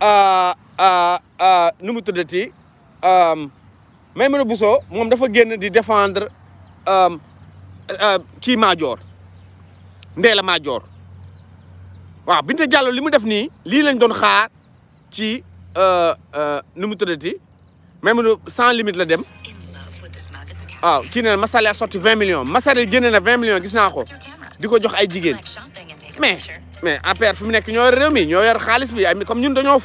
Euh, euh, euh, nu mu tuddati Maimouna Bousso moom dafa génn di défendre kii Madior la maajoor waaw Binta Diallo li mu def nii lii lañ doon xaar ci nu mu tuddati Maimouna sans limite la dem waaw kii nee na Massale a sorti vingt millions Massale génne na vingt millions gis naa ko di ko jox ay jigéen mais mais après fi mu nous ñoo yor mi ñoo yar xaliss bi comme ñun dañoo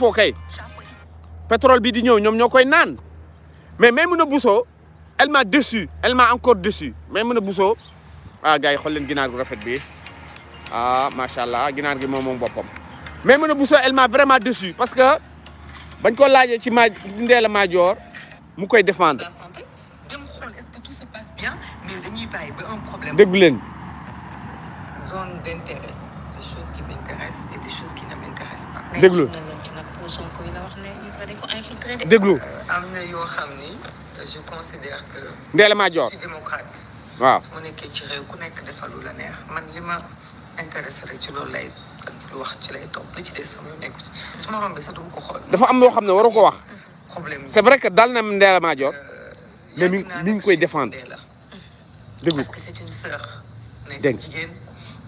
pétrole bi di ñew ñom ñokoy naan mais ne Bousso elle m'a déçu elle m'a encore déçu ne Bousso ah gars xol leen ginaar gu rafet bi ah machallah ginaar gi mom Même même ne Bousso elle m'a vraiment déçu parce que bañ ko passe ci ma Ndella major mu koy défendre déggu leen zone d'intérêt déglu déglu. Euh, am na yoo euh, je considère que. Ndella Madior je suis démocrate. waaw mu nek ci rew ku nek defal la neex man lima ma intéressé ci loolu lay wax ci lay top li ci des am yu nekku ci suma rombe sa sax ko xol dafa am lo xam ne waru ko wax. problème c'est vrai que dal na Ndella Madior. Euh, mais mi ngi koy défendre. déglu parce que c'est une sœur. ci jigéen.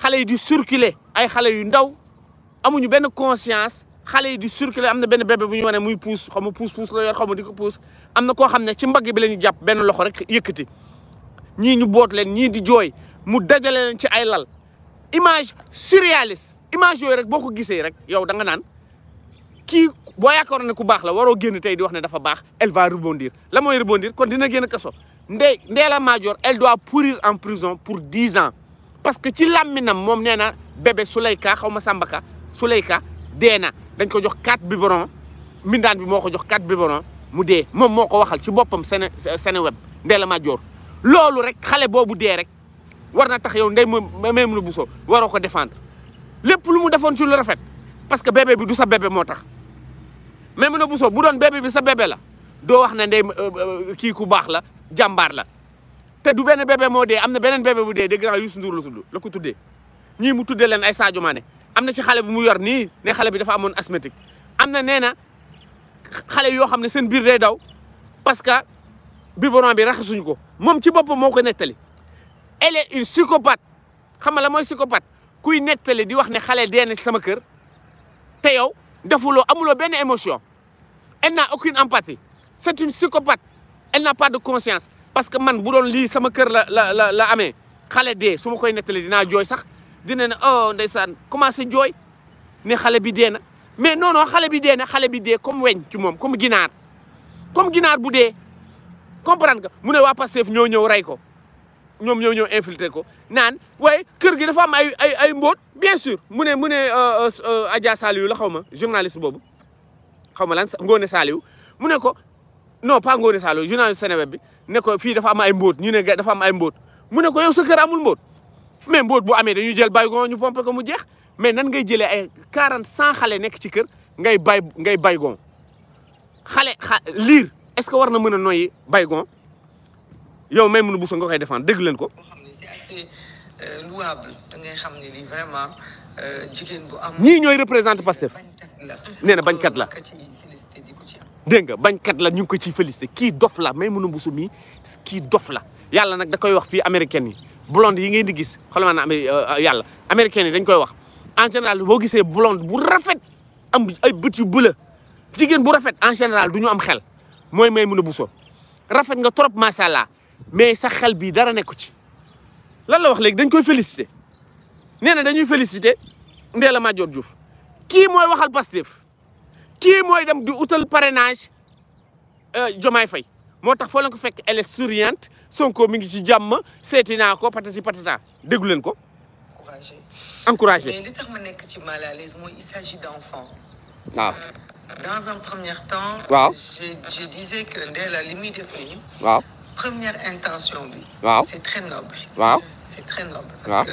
xalé yi di circuler ay xalé yu ndaw amuñu benn conscience xalé yi di circuler amna na benn bébé buñu wone muy pousse xaw ma pousse puus la yor xaw ma di ko puus am na ci mbagg bi lañu japp jàpp benn loxo rek yëkkati ñi ñu boot leen ñi di joy mu dajale leen ci ay lal image surréaliste image yooyu rek boko gisé rek yow da nga nan ki bo yaakaar ne ku bax la Waro genn tay di wax ne dafa bax elle va rebondir la moy rebondir kon dina kasso ndé ndé la Madior elle doit pourrir en prison pour dix ans parce que ci làmminam moom nee na bébé Souleyka xaw ma Sambaka Souleyka dee na dañ ko jox quatre biberon mbindaan bi moo ko jox quatre biberon mu dee moom moo ko waxal ci boppam Séné Sénéweb Ndella Madior loolu rek xale boobu dee rek war na tax yow ndey ma même na Bousso waroo ko défendre lépp lu mu defoon ci lu rafet parce que bébé bi du sa bebe moo tax mun na Bousso bu doon bébé bi sa bebe la doo wax ne ndey euh, euh, kii ku baax la jàmbaar la te du benn bébé moo dee am na beneen bébé bu dee dégg naa Youssou Ndour la tudd la ko tuddee ñii mu tuddee leen ay Sadio Mané am na si xale bu mu yor nii ne xale bi dafa amoon asthmatique am na nee na xale yoo xam ne seen biir day daw parce que biberon bi raxasuñ ko moom ci boppam moo ko nettali elle est une psychopathe xam nga la mooy psychopathe kuy nettali di wax ne xale dee na sama kër te yow defuloo amuloo benn émotion elle n'a aucune empathie c'est une psychopathe elle n'a pas de conscience parce que man bu doon lii sama kër la la la la amee xale dee suma koy nettali dinaa jooy sax dina ne oh ndeysaan commencé jooy ne xale bi dee na mais non xale bi dee na xale bi dee comme weñ ci moom comme ginaar comme ginaar bu dee comprendre nga mu ne waa Pastef ñoo ñëw rey ko ñoom ñoo ñëw infiltré ko naan waaye kër gi dafa am ay ay ay mbóot bien sûr mu ne mu ne euh, euh, Adja Saliou la xaw ma journaliste boobu xaw ma lan Ngoone Saliou mu ne ko non pas Ngone Saliou journaliste Seneweb bi ne ko fii dafa am ay mbóot ñu ne dafa am ay mbóot mu ne ko yow sa kër amul mbóot mais mbóot bu amee dañuy jël baygon ñu pompe ko mu jeex mais nan ngay jëlee ay quarante cent xale nekk ci kër ngay bay ngay baygon xale liir est-ce que war na mën a noyyi baygon yow may mënu bu so nga koy défendre dégg leen ko. xam ne euh, ngay xam ne ni vraiment euh, jigéen bu am. ñii ñooy représenté Pastef nee na bañkat la. Dengar, bankat la ñu ngi ko ki dof la Maimouna Mbuusu mii ki dof la yàlla nag da koy wax fi américaine ni blonde yi ngeen di gis xalamaa na am euh, yàlla américaine dañ koy wax en général se gisee blonde bu rafet am ay bët yu bëla jigen bu rafet en général du ñu am xel mooy Maimouna buso rafet nga trop macha allah mais sa xel bi dara nekku ci lan la wax léegi dañ koy félicité nee na dañuy félicité Ndella Madior Diouf kii mooy waxal pastif qui moi dem di utal parrainage Jomaay euh, Fay Moi, tax foo leen ko fekk elle est souriante Sonko mingi ngi ci jàmm seeti naa ko patati patata déglu quoi, ko. encouragé encouragé mais li tax ma nekk ci mal à l'aise moi, il s'agit d'enfants. Non. Euh, dans un premier temps. Wow. je disais que dès la limite de nii. Wow. première intention oui. Wow. c'est très noble. Wow. c'est très noble. parce que.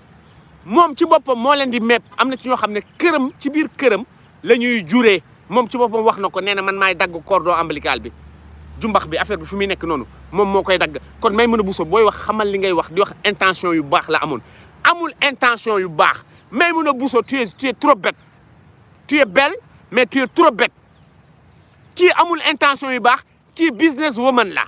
mom ci bopam mo len di met amna ci ño xamne kërëm ci bir kërëm lañuy juré mom ci bopam wax nako néna man may dag cordon ombilical bi jumbax bi affaire bi fumuy nek nonu mom moom moo koy dagg kon may mëna a boy wax xamal li ngay wax di wax intention yu bax la amul amul intention yu bax may mëna a tu es tu es trop bête tu es belle mais tu es trop bête ki amul intention yu bax ki business woman la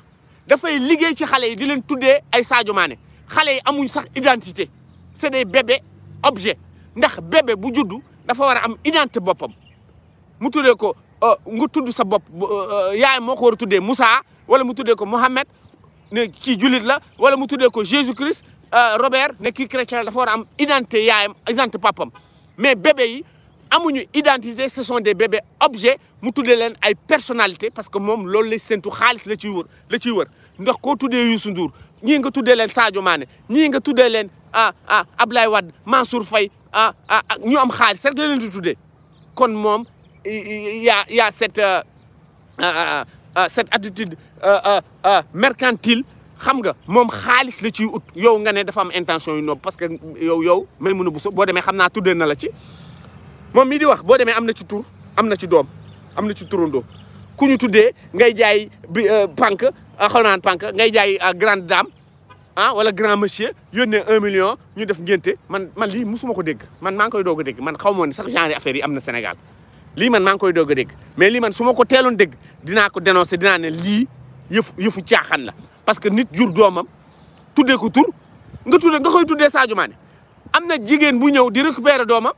da fay liggéey ci xale yi di len tuddé ay Sadio Mané xale yi amuñ sax identité c'est des bébés objet ndax bébé bu juddu dafa wara am identité bopam. mu tuddee ko euh, ngou tuddou sa bop euh, euh, yaay moko wara tuddé Moussa wala mu tuddé ko Mohamed ne ki julit la wala mu tuddé ko Jésus Christ Robert ne ki chrétien dafa wara am identité yaayam identité papam mais bébé yi amuñu identité ce sont des bébés objets mu tuddé len ay personnalité parce que mom loolu lay séntu xaalis la ci wour la ci wour ndax ko tuddé Youssou Ndour ñii nga tuddee leen Sadio Mané ñii nga tuddee leen ah ah Ablaye Wade Mansour Faye ah ah ñu am xaalis rek la leen di tuddee kon moom yaa yaa cette euh, euh, euh, cette attitude mercantile xam nga moom xaalis la ci ut yow nga ne dafa am intention yu noob parce que yow yow may mun a buso boo demee xam naa tuddee na la ci moom mii di wax boo demee am na ci tur am na ci doom am na ci turandoo ku ñu tuddee ngay jaay bi pànk Ah, xaw pank nga jaay ah, grande dame ah wala grand monsieur yónnee un million ñu def ngénte man man lii musuma ko dégg man maa ngi koy doog a dégg man xaw ma ne sax genre affaire yi am na Sénégal lii man maa ngi koy doog a dégg mais lii man suma ko teeloon dégg dina ko dénoncé dinaa ne lii yëfu yëfu caaxaan la parce que nit jur doomam tuddee ko tur nga tuddee nga koy tuddee Sadio Mané am na jigéen bu ñëw di récupérer doomam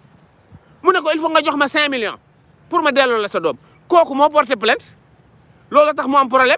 mu ne ko il faut nga jox ma cinq million pour ma delloo la sa doom kooku moo porté plainte loolu tax mu am problème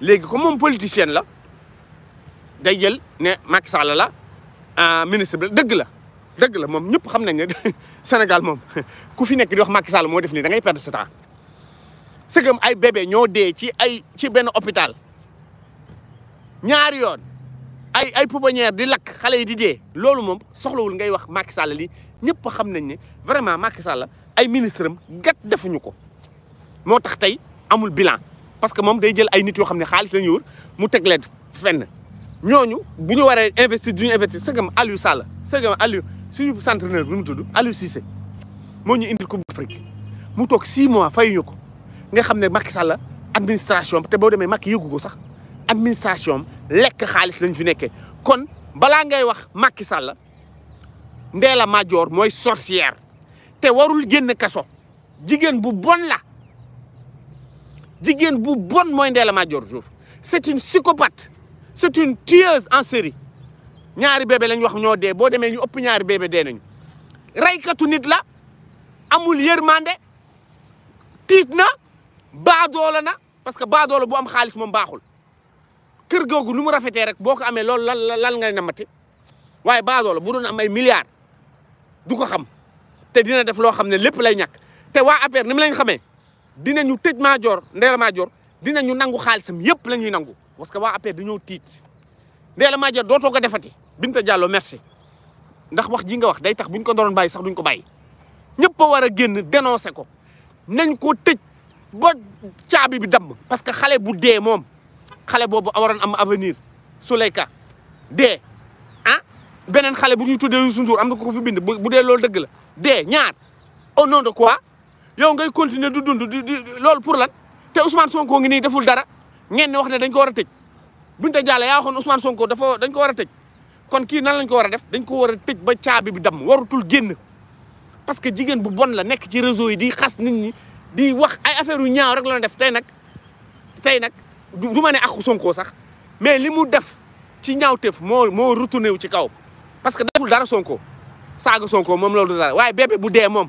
léegi ko moom politicienne la day jël ne Macky Sall la ah, ministre bi dëgg la dëgg la moom ñëpp xam nañ ne Sénégal moom ku fi nekk di wax Macky Sall moo def nii da ngay perdre sa ay bébé ñoo dee ci ay ci benn hôpital ñaari yoon ay ay pouponnière di lakk xale yi di dee loolu moom soxlawul ngay wax Macky Sall li ñëpp xam nañ ne vraiment Macky Sall ay ministre am gat defuñu ko moo tax tey amul bilan parce que moom day jël ay nit yoo xam ne xaalis la ñu mu teg leen fenn ñooñu bu ñu waree investir du ñu investir sëgam Aliou Sall sëgam Aliou suñu entraîneur bi mu tudd Aliou Cissé moo ñu indil Coupe d'Afrique mu toog 6 mois fay ñu ko nga xam ne Macky Sall administration te boo demee Macky yëgu ko sax administration lekk xaalis lañu fi nekkee kon balaa ngay wax Macky Sall Ndella Madior mooy sorcière te warul génn keso jigéen bu bon la. jigéen bu bon moindre la major jour. c'est une psychopathe c'est une tueuse en série ñaari bébé lañ wax ñoo dee boo demee ñu ëpp ñaari bébé dee nañu reykatu nit la amul yërmande Titna. na na parce que baadoola bu am xaalis mon baaxul kër googu nu mu rafetee rek boo ko amee loolu lan lan namati waaye baadoola bu doon am ay milliards du ko xam te dina def loo xam ne lay ñàkk te wa aper ni lañ xamee dinañu tëj Madior Ndella Madior ñu nangu xaalisam yëpp la ñuy nangu parce que waa APR dañoo tiit Ndella Madior dootoo ko defati Binta Diallo merci ndax wax ji nga wax day tax bu ñu ko doon bàyyi sax duñ ko bàyyi ñëpp a war a génn dénoncé ko nañ ko tëj ba caabi bi damm parce que xale bu dee moom xale boobu waroon am avenir ka dee ah beneen xale bu ñuy tuddee Youssou Ndour am na ko ko fi bind bu dee loolu dëgg la dee ñaar au nom de yow ngay continuer du dund di di loolu pour lan te Ousmane sonkoo ngi nii deful dara ngeen ne wax ne dañ ko war a tëj Binta Diallo yaa waxoon Ousmane Sonko dafa dañ ko war a tëj kon kii nan lañ ko war a def dañ koo war a tëj ba caabi bi dam warutul génn parce que jigéen bu bon la nekk ci réseau yi di xas nit ñi di wax ay affaire yu ñaaw rek la def tey nag tey nag du ma ne ak sonkoo sax mais li mu def ci ñaawteef moo moo retourné wu ci kaw parce que deful dara Sonko saaga Sonko moom loolu dara waaye bébé bu dee moom.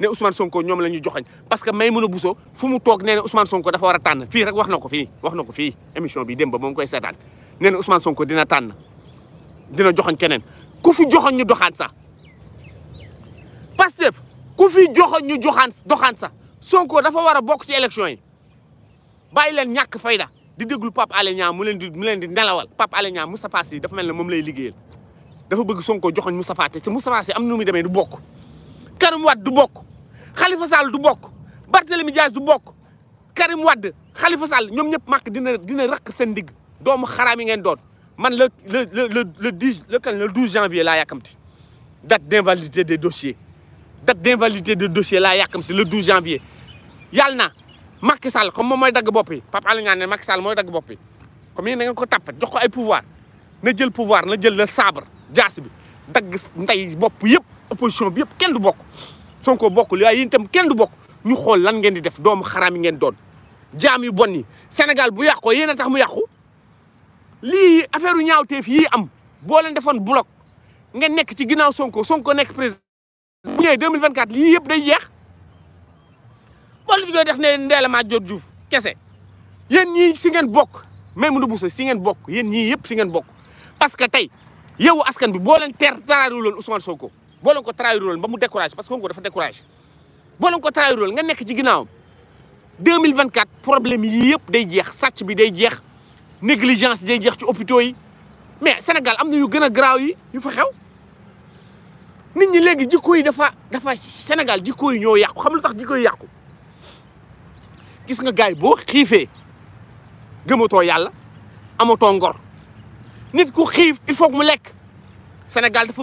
ne Ousmane Sonko ñoom la ñu joxañ parce que Maymouna Bousso fu mu toog nee na Ousmane Sonko dafa war a tànn fii rek wax na ko fii wax na ko fii émission bi dem ba moom koy seetaan nee na Ousmane Sonko dina tànn dina joxoñ keneen ku fi joxoon ñu doxaan sax Pastef ku fi joxoon ñu joxaan doxaan sax Sonko dafa war a bokk ci élection yi bàyyi leen ñàkk fayda di déglu Pape Alé Niang mu leen di mu leen di nelawal Pape Alé Niang Moustapha Sy dafa mel ne moom lay liggéeyal dafa bëgg Sonko joxoñ Moustapha te Moustapha Sy am na muy demee du bokk Karim Wade du bok Khalifa Sall du bok Barthélemy Diaz du bok Karim Wade Khalifa Sall ñom ñep mak dina dina rak sen dig doomu kharam yi ngeen doon man le le le le dix le kañ le douze janvier la yakamti date d'invalidité des dossiers date d'invalidité des dossiers la yakamti le douze janvier yalna, Macky Sall comme moy mooy dagg bopp yi Pape Macky Sall moy dagg bopp comme yéen ngeen ko tàppat jox ko ay pouvoir na jël pouvoir na jël le sabre jass bi dagg ndey bopp opposition bi yëpp kenn du bok Sonko bok li ay itam kenn du bok ñu xol lan ngeen di def doom xaram yi ngeen doon jaam yu bonni senegal bu yàqoo yeena tax mu yàqu li affaireu ñaawteef yi am bo leen defon bloc ngeen nek ci ginaaw Sonko Sonko nek president bu ñëwee 2024 li yëpp day jeex boolu bi koy def ne ma Madior juuf kesse yeen ñi si ngeen même Maïmouna Bousso si ngeen bok yeen ñi yëpp si ngeen bok parce que tay yow askan bi boo leen teer taraaru loon Ousmane Sonko bolon ko trahirul ba mu parce que Sonko dafa ne bolon ko trahirul nga nek ci 2024 problème yi yëpp day jeex sàcc bi day négligence day jeex ci hôpitaux yi mais Sénégal amna yu gëna a yi yu fa xew nit ñi dafa Sénégal jikko ñoo xam lu tax gis nga gaay ngor nit ku il faut mu lek Sénégal dafa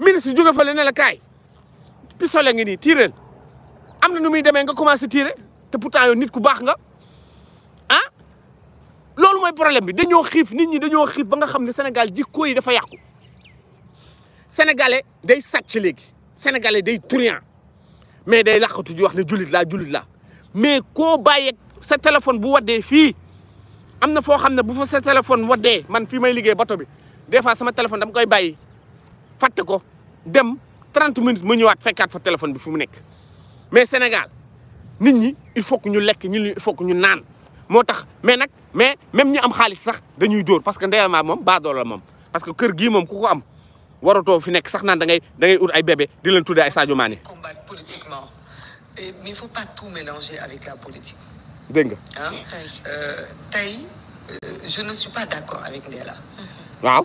ministre jóge fa le ne la kaay pistolet ngi nii tiireel am na nu muy demee nga commencé tiire te pourtant yow nit ku baax nga ah loolu mooy problème bi dañoo xiif nit ñi dañoo xiif ba nga xam ne senegal jikko yi dafa yàqu sénégalais day sacc léegi sénégalais day truand mais day làqatu ji wax ne julit laa jullit la mais ko bàyyeeg sa téléphone bu waddee fii am na foo xam ne bu fa sa téléphone waddee man fii may liggéey bato bi des fois sama téléphone dama koy bàyyi fàtte ko dem 30 minutes ma ñëwaat fekkat fa téléphone bi fu mu nekk mais Sénégal nit ñi il faut que ñu lekk ñu il faut que ñu naan moo tax mais nag mais même ñi am xaalis sax dañuy dóor parce que ndeyama moom baadoo la moom. parce que kër gii moom ku ko am waratoo fi nekk sax naan da ngay da ngay ut ay bébé di leen tuddee ay Sadio Mané. combattre politiquement mais il faut pas tout mélanger avec la politique. dégg nga. ah tey euh, je ne suis pas d'accord avec Ndella. waaw.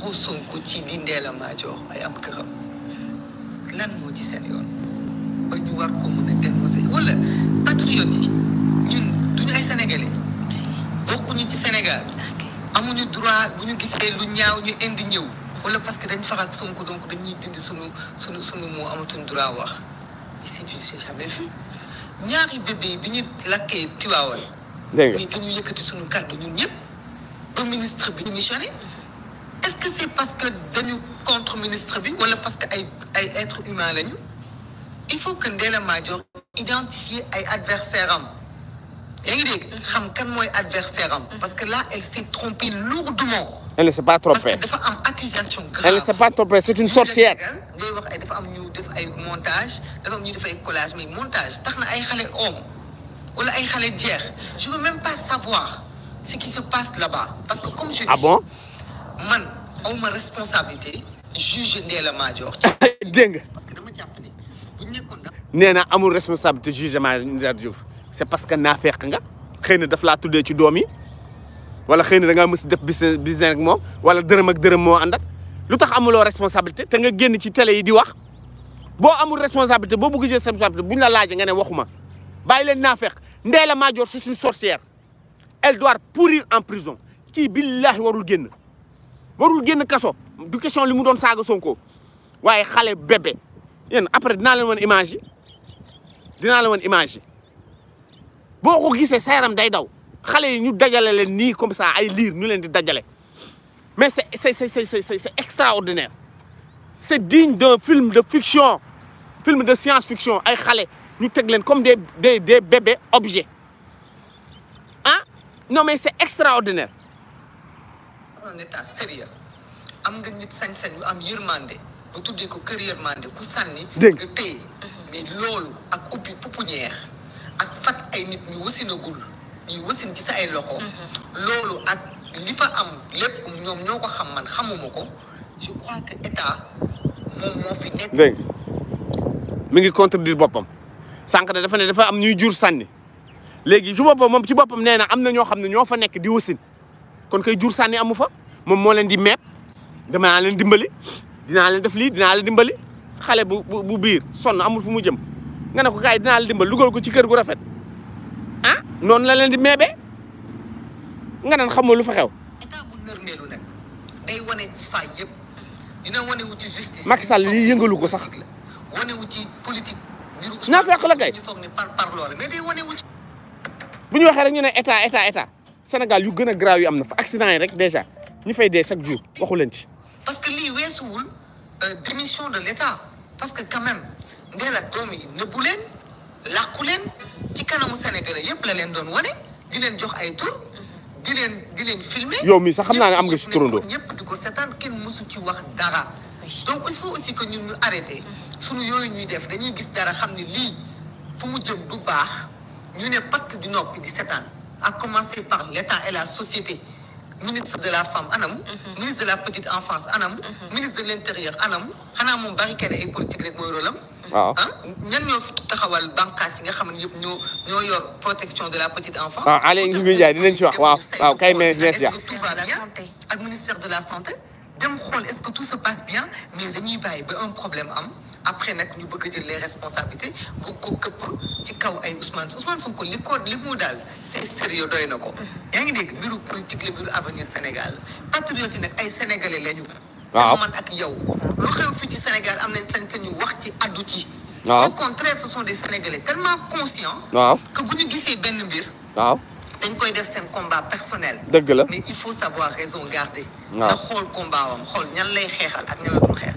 bu Sonko ci la de ay lan mo ci On war ko dénoncer wala patriote ñun duñu ay sénégalais ñu ci Sénégal amuñu droit vous nous lu ñaaw ñu indi ñew wala parce que dañ farak sonku donc dañuy dindi suñu suñu amatuñ droit wax ici tu ne sais jamais vu ñaari bébé bi ñu ñu ñun ñëpp ministre que c'est parce que nous contre ministre bi wala parce que ay ay être humain lañu il faut que Ndella Madior identifier ay adversaires. am yaa ngi mm-hmm. xam kan adversaire mm-hmm. parce que là elle s'est trompée lourdement elle ne s'est pas trompée parce accusation grave elle ne s'est pas trompée c'est une sorcière Elle wax fait dafa am ñu def ay montage dafa am ñu def ay collage mais montage tax na ay xale homme wala ay xale je veux même pas savoir ce qui se passe là-bas parce que comme je ah dis ah bon man a responsabilité juge Ndella Madior. parce que je suis ne responsabilité juge c'est parce que naa nga ci wala da business ak wala ak responsabilité te télé yi di wax responsabilité Bo bëgg jël responsabilité si la laajee nga ne waxuma laisse c'est une sorcière elle doit pourrir en prison Qui warul le génn kasso du question li mu doon saaga Sonko waaye xale bébé yéen après dinaa leen woon image yi dinaa leen woon image yi boo ko gisee sa day daw xale yi ñu dajale leen nii comme ça ay lire ñu leen di dajale mais c'est c'est c'est c'est c'est extraordinaire c'est digne d'un film de fiction film de science fiction ay xale ñu teg leen comme des des des bébés objets ah non mais c'est extraordinaire dans un am nga nit sañ-sañ yu am yërmande ba tuddee ko kër yërmande ku sànni. dégg nga téye mhm. mais loolu ak ubbi pouponnière ak fat ay loxo. Mhm. loolu ak fa am lépp ñoom ñoo ko xam man xamuma ko je crois mi ngi contredire boppam sànq dafa ne dafa am ñuy jur sànni léegi ci boppam moom ci boppam nee am na ñoo xam ne ñoo fa nekk di wasin. kon kay jur saani amu fa moom moo leen di meeb damaa leen dimbali dinaa leen def lii dinaa leen dimbali xale bu bu biir sonn amul fu mu jëm nga ne ko kaay dinaa la dimbali dugal ko ci kër gu rafet ah noonu la leen di meebee nga naan xamoo lu fa xew. état bu nërmeelu nag day ci faay yëpp dina yëngalu ko sax. wane wu ci la kay ñu foog ne par par loolu mais day wane bu ñu waxee rek ñu ne état état état. Sénégal yu gën a graaw yi am na fa accident yi rek déjà ñu fay dee chaque jour waxu leen ci. parce que lii weesuwul euh, démission de l'État parce que quand même ndeel ak doom yi nëbbu leen làqu leen ci kanamu Sénégalais yëpp la leen doon wane di leen jox ay tur. di leen di leen yow mi sax xam naa ne am nga ci turandoo ñëpp di ko seetaan kenn mësu ci wax dara. donc il faut aussi que ñun ñu arrêté. Mm-hmm. sunu yooyu ñuy def dañuy gis dara xam ne lii fu mu jëm du baax ñu ne patt di noppi di seetaan. à commencer par l'État et la société. ministre de la femme anam mhm. ministre de la petite enfance anam mhm. ministre de l'intérieur anam Anam barricade ay politique protection de la petite enfance ah, Allez, de la santé est-ce que tout se passe bien mais un problème après nak ñu bëgg jël les responsabilités bu ko këpp ci kaw ay Ousmane Ousmane Sonko li ko li mu c'est sérieux doy na ko. Mm-hmm. yaa ngi dégg biru politique le mbiru avenir Sénégal patriote nak ay sénégalais lañu. waaw man ak yow. lu xew fi ci Sénégal am nañ sañ ñu wax ci addu ci. au contraire ce sont des sénégalais tellement conscients. waaw que bu ñu gisee benn mbir. waaw. dañ koy def sen combat personnel. deug la mais il faut savoir raison garder. waaw xol combat wam xol ñan lay xéxal ak ñan la dul xéxal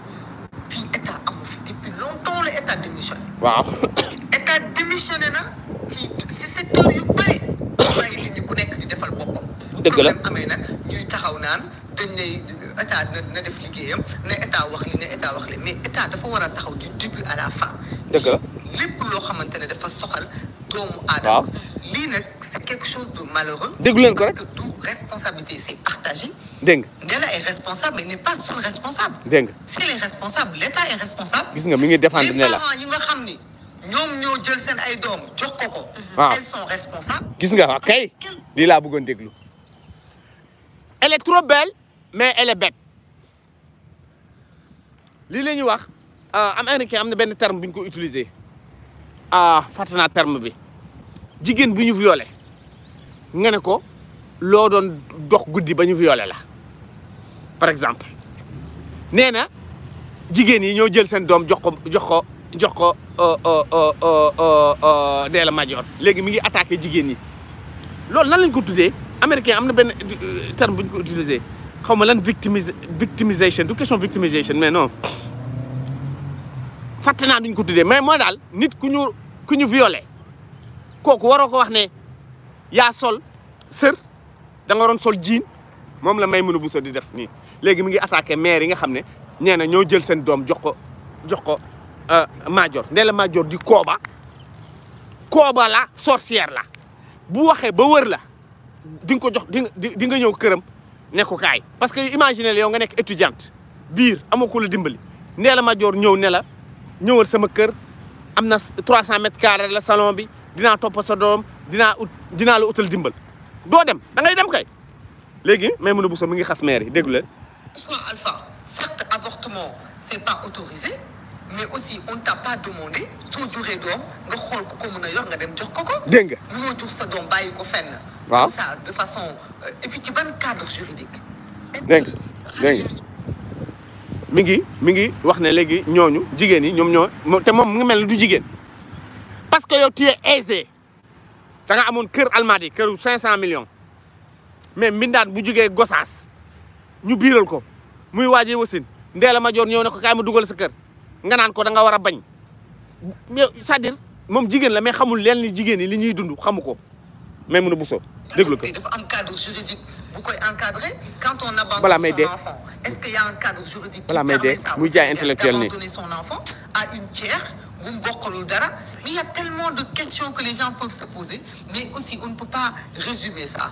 waaw état démissionné na ci si secteur yu bëri bàyyi nit ñi ku nekk di defal boppam dëgg la amee nag ñuy taxaw naan dañ lay état na def liggéeyam na état wax li na état wax li mais état dafa war a taxaw du début à la fin dëgg la lépp loo xamante ne dafa soxal doomu aadama lii nag c'est quelque chose de malheureux déglu leen ko rek Deng. nga est responsable mais n'est pas seul responsable. Deng. si elle est responsable l'état est responsable. gis nga mi ngi défendre ne la parents yi nga xamni ñom ñoo jël sen ay doom jox ko ko. Ah. Elles sont responsables. gis nga kay li la bëggoon déglu. elle est trop belle mais elle est bête Li la wax wax euh, am américain am na benn terme buñ ko utiliser ah fàtte terme bi Jigen buñu violer. nga ne ko lo doon dox guddi bañu violer la par exemple Néna, na yi ñoo jël sen dom jox ko jox ko jox ko euh, euh, euh, Ndella major Légui mi ngi attaquer jigéen yi loolu lan lañ ko tuddee américain amna ben terme buñ ko utiliser. Xawma lan victimisation du question victimisation mais non Faté na duñ ko tuddee mais mo dal nit ku ñu ku ñu violé kooku waroo ko wax né ya sol sœur da nga waron sol jean, mom la may mënu bu so di def ni léegi mi ngi attaqué maire yi nga xam ne nee na ñoo jël seen doom jox ko jox ko euh, Madior Ndella Madior di kooba kooba la sorcière la bu waxee ba wër la di ko jox di nga ñëw këram ne kaay parce que imaginer yow nga nekk étudiante biir amoo ko la dimbali Ndella Madior ñëw ne la ñëwal sama kër am na 300 mètres carrés la salon bi dinaa topp sa doom dinaa ut dinaa la utal dimbal doo dem da ngay dem kay léegi Maimouna Bousso mi ngi xas maire yi déggu leen Soin alpha, certes, avortement, c'est pas autorisé, mais aussi on t'a pas demandé soo durée d'homme nga xool ko ko mën a nga dem jox ko ko. sa comme ça de façon euh, et puis tu ban cadre juridique. dégg nga mingi mingi mi ngi mi ngi wax ne ñoo te moom mu mel du parce que yow tu es aisé da nga amoon kër Almadies de 500 millions mais mbindaat bu jugee Gosaas ñu biral ko muy waajee wasin ma jor ñew ne ko kay ma duggal sa kër nga nan ko da nga wara bañ c'est-à-dire mom jigen la mais xamul leen ni jigéen yi li ñuy dund xamu ko mais mun a buso déglu ko dafa am cadre juridique bu koy encadrer quand on abandonne voilà, mais son enfant est-ce qu'il y a un cadre juridique voilà, mais qui permet ça aussi d'abandonner son enfant à une tiers bu mu dara mais il y a tellement de questions que les gens peuvent se poser mais aussi on ne peut pas résumer ça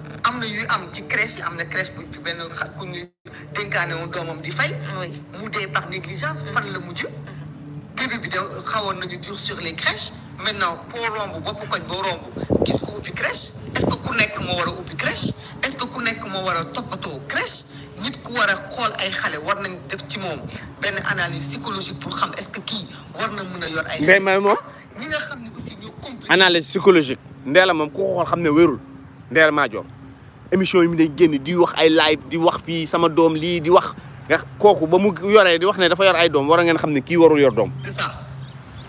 am na yu am ci crèche amna crèche bu fi benn ku ñu dénkaane woon doomam di fay. mu dee par négligence fan la mujj. Mm-hmm. début bi de xawon nañu dur sur les crèches maintenant pour rombu bopp koñ bo rombu gis ko ubbi crèche est-ce que ku nekk mo wara a ubbi crèche est-ce que ku nekk mo wara topato crèche nit ku wara xol ay xalé war nañ def ci mom ben analyse psychologique pour xam est-ce que ki war na mën yor ay. ndey may mom ñi nga xam aussi ñu compliqué. analyse psychologique Ndéla mom ku ko xool xam ne wérul Ndéla maa émission yi mu day génn di wax ay live di wax fi sama doom li di wax nga koku ba mu yoré di wax né dafa yor ay doom wara a ngeen xamné ki warul yor doom. c'est ça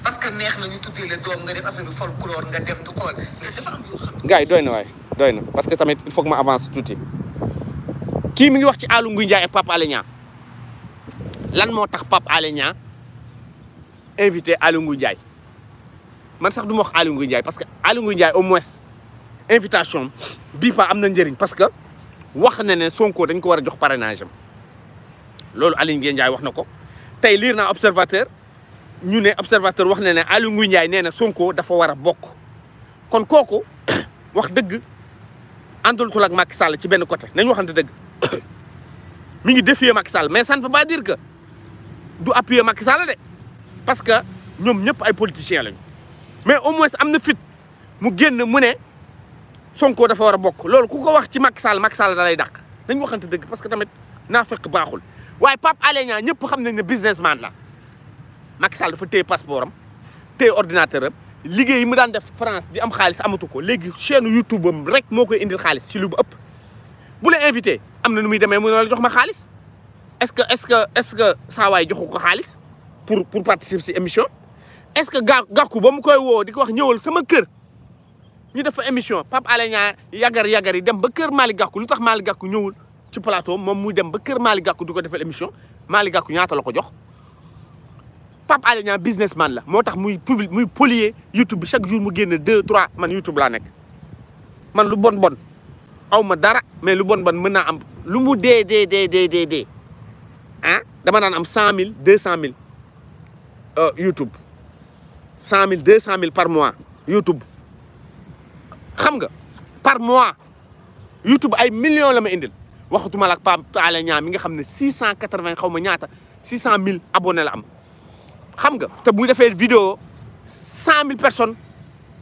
parce que neex na ñu tuddé le doom nga def affaire folklore nga dem du xool nga dafa am yoo xam. gars yi doy na waay parce que tamit il faut que ma avance tuuti ki mi ngi wax ci alu nguy Ndiaye ak papa Alé lan mo tax papa Alé invité alu nguy Ndiaye man sax duma wax alu nguy Ndiaye parce que alu nguy Ndiaye au moins. invitation bi pa am na njëriñ parce que wax na ne Sonko dañ ko war a jox parrainage loolu Aliou Nguy Ndiaye wax na ko tey liir naa observateur ñu ne observateur wax na ne Aliou Nguy Ndiaye nee na Sonko dafa war a bokk kon kooku wax dëgg àndulatul lag Macky Sall ci benn côté nañ waxante dëgg mu ngi défier Macky Sall mais ça ne veut pas dire que du appuyer Macky Sall de parce que ñoom ñëpp ay politiciens lañu mais au moins am na fit mu génn mu ne. Sonko dafa wara bok lolou kuko wax ci Macky Sall Macky Sall da lay dàq dañ waxante deug parce que tamit naa fekk baaxul waaye Pape Alé ñëpp xam nañ ne businessman la Macky Sall dafa téy passeportam téy ordinateuram ordinateur liggéey yi mu daan def France di am xaliss amatu ko légui chaîne YouTube am rek moko koy indil xaalis ci lu bu ëpp bu la invité amna nu muy démé mu la jox ma xaliss est-ce que est-ce que est-ce que sa way joxuko xaliss pour pour participer ci émission est-ce que gaa gàkku ba koy wo diko wax ñëwul sama kër ñu def fa émission Pape Alé Niang yagar yagar yi dem ba kër Malick Gakou lu tax Malick Gakou ñëwul ci plateau moom mu dem ba kër Malick Gakou du ko defal émission Malick Gakou ñaata la ko jox Pape Alé Niang businessman la moo tax muy public muy polier YouTube bi chaque jour mu génne deux trois man YouTube la nekk man lu bon bon aw ma dara mais lu bon bon mën naa am lu mu dee dee dee dee dee ah dama naan am cent mille deux cent mille euh, YouTube cent mille deux cent mille par mois YouTube xam nga par mois youtube ay millions lama indil waxatuma lak pam taala ñam nga xamne 680 xawma ñaata 600000 abonnés la am xam nga te buy defé vidéo 100000 personnes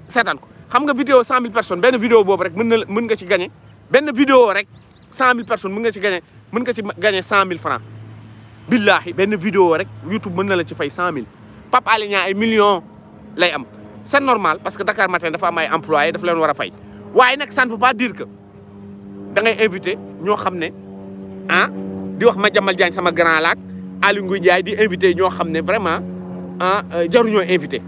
sétan ko xam nga vidéo 100000 personnes ben vidéo bobu rek mën mën nga ci gagner ben vidéo rek 100000 personnes mën nga ci gagner mën nga ci gagner 100000 francs billahi ben vidéo rek youtube mën na la ci fay 100000 pap aligna ay millions lay am c'est normal parce que Dakar Matin dafa am ay employés dafa leen war a fay waaye nag ça ne veut pas dire que da ngay invité ñoo xam ne ah di wax ma Madiambal Diagne sama grand laak Aly Ngouille Ndiaye di invité ñoo xam ne vraiment ah euh, jaruñoo invité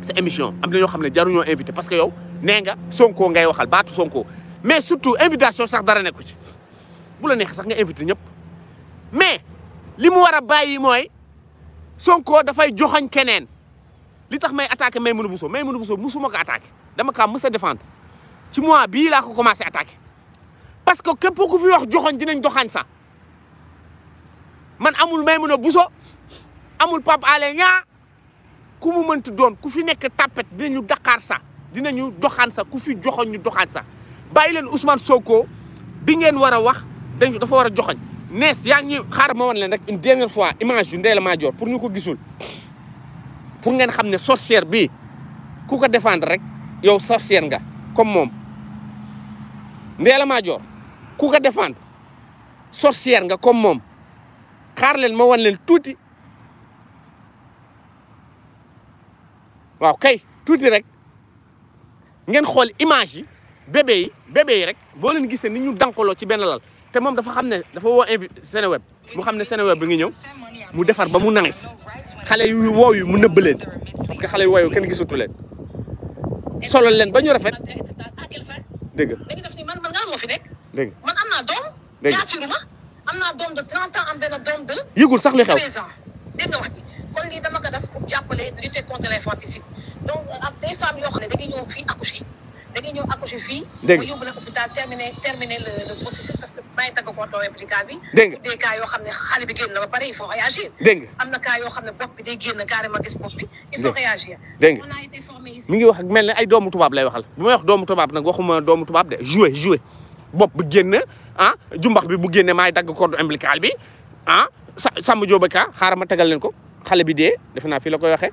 sa émission am na ñoo xam ne jaruñoo invité parce que yow nee nga Sonko ngay waxal baatu Sonko mais surtout invitation sax dara nekku ci bu la neex sax nga invité ñëpp mais li mu war a bàyyi mooy Sonko dafay joxoñ keneen. li tax may attaqué Maimouna Bousso Bousso musuma attaqué dama défendre ci mois bi ko parce que képp ça, fi wax joxoñ dinañ man amul Bousso amul Pape pas doon ku fi nek tapette dinañu dinañu fi ñu Ousmane Soko. bi ngeen wara wax dañ dafa wara ness xaar une dernière fois image yu Ndella Madior pour ñuko pour ngeen xam ne sorcière bi ku ko défendre rek yow sorcière nga comme moom Ndella Madior ku ko défendre sorcière nga comme moom xaar leen ma wan leen tuuti waaw kay tuuti rek ngeen xool image yi bébé yi bébé yi rek boo leen gisee ni ñu dankaloo ci benn lal te moom dafa xam ne dafa woo invité Seneweb mu xamne ne Sénégal bi nga ñëw mu defar ba mu nice xale yu wooyu mu nëbb leen parce que xale yu wooyu kenn gisatu leen solo leen ba ñu rafet dégg man man nga mo fi nek dégg man amna dom doom dégg assuruma am naa de 30 ans am benn doom de yëgul sax li xew dégg nga wax ji kon lii dama ko def pour jàppale lutter contre l'infanticide donc am des femmes yoo xam dañuy ñëw fii accoucher dañuy ñëw accoucher fii. dégg nga mu yóbbu la hôpital terminer terminer le le processus parce que maa ngi tàggat ko doole médical bi. dégg nga des cas yoo xam ne xale bi génn na ba pare il faut réagir. dégg nga am na cas yoo xam ne bopp bi day génn carrément gis bopp bi. il faut réagir. dégg nga on a été formé ici. mi ngi wax ak mel ne ay doomu tubaab lay waxal bu may wax doomu tubaab nag waxuma doomu tubaab de jouer jouer bopp bi génn ah jumbax bi bu génne maay dagg corde ombilical bi ah sa sàmm jooba kaa xaaral ma tegal leen ko xale bi dee defe naa fii la koy waxee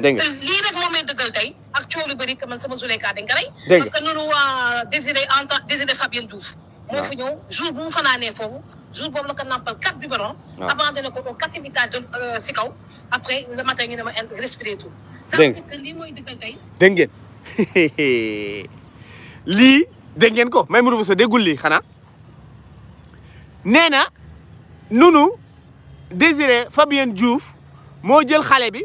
dégg li rek moo may dëggal ak coow désiré que man sama parce que euh, Désiré en tant Désiré Fabien Diouf. moo fi jour bu mu fanaanee foofu jour boobu la ko nampal quatre biberon. abandonné ko au quatre étage de euh, si après le matin ñu ne ma respiré tout. dégg nga lii mooy dëggal tey. dégg ngeen lii dégg ngeen ko may vous déggul lii xanaa Désiré Fabien Diouf jël bi.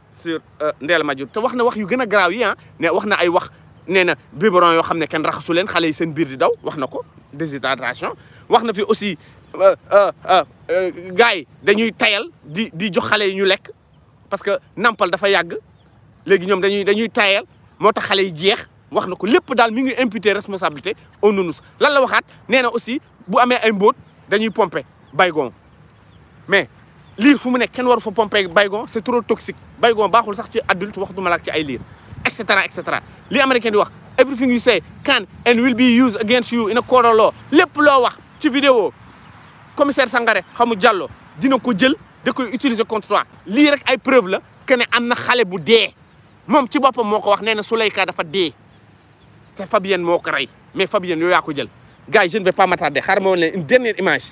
sur euh, Ndella Madior te wax na wax yu gën a garaaw yi ah ne wax na ay wax nee na biberon yoo xam ne kenn raxasu leen xale yi seen biir di daw wax na ko déshydratation wax na fi aussi euh, euh, gars yi dañuy tayal di di jox xale yi ñu lekk parce que nampal dafa yàgg léegi ñoom dañuy dañuy tayal moo tax xale yi jeex wax na ko lépp daal mi ngi imputé responsabilité au nounous lan la waxaat nee na aussi bu amee ay mbóot dañuy pomper baygon mais lire fu mu nekk waru fa pomper baygon c'est trop toxique baygon baxul sax ci adulte waxtu malaak ci ay lire et cetera et cetera li américain di wax everything you say can and will be used against you in a court of law lepp lo wax ci vidéo commissaire Sangaré xamu Diallo dina ko jël da koy utiliser contre toi li rek ay preuve la que ne am na bu dé mom ci bopam moko wax néna na Souleyka dafa dé c'est fabien moko ray mais Fabien yooyu yaa ko jël gars je ne vais pas m'attarder xaaral une dernière image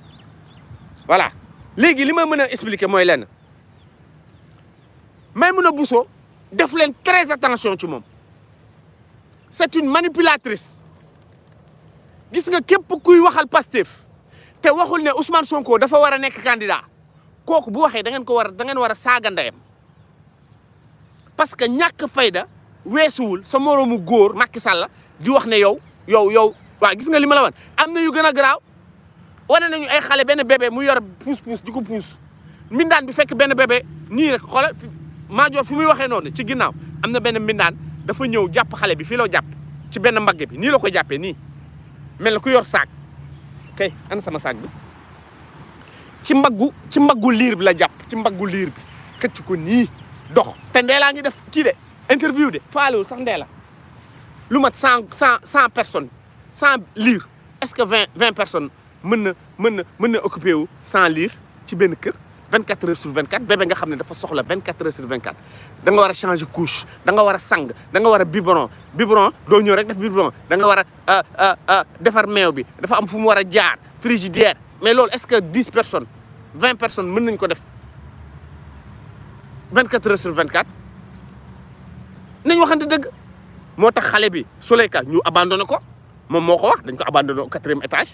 voilà léegi li ma mën a expliquer mooy mais lenn a Bousso def leen très attention ci moom c'est une manipulatrice gis nga képp kuy waxal Pastef te waxul ne Ousmane Sonko dafa war a nekk candidat kooku bu waxee da ngeen ko war a da ngeen war a saaga ndeyam parce que ñàkk fayda weesuwul sa moroomu góor Macky Sall di wax ne yow yow yow waa gis nga li ma la wan am na yu gën a garaaw wane ay bébé mu yor pous pous di ko bi fekk ben bébé ni rek ma jor fi muy non ci ginnaw amna ben mindane dafa ñew japp xalé bi fi lo japp ci ben bi ni la ko jappé ni mel yor sac kay ana sama sac. bi ci ci bi la japp ci mbaggu bi ko dox ngi def interview de faalewul sax cent cent personnes cent lire. est-ce que 20 vingt personnes mën na mën na mën na occupé wu sans lire ci benn kër 24 heures sur 24 bébé nga xam ne dafa soxla 24 heures sur 24 da nga war a changer couche da nga war a sang danga nga war a biberon biberon doo ñëw rek def biberon da nga war a defar meew bi dafa am fu mu war a jaar frigidaire mais loolu est-ce que 10 personnes vingt personnes mën nañ ko def 24 heures sur 24 nañ waxante dëgg moo tax xale bi Souleyka ñu abandonné ko moom moo ko dañ ko abandonné au quatrième étage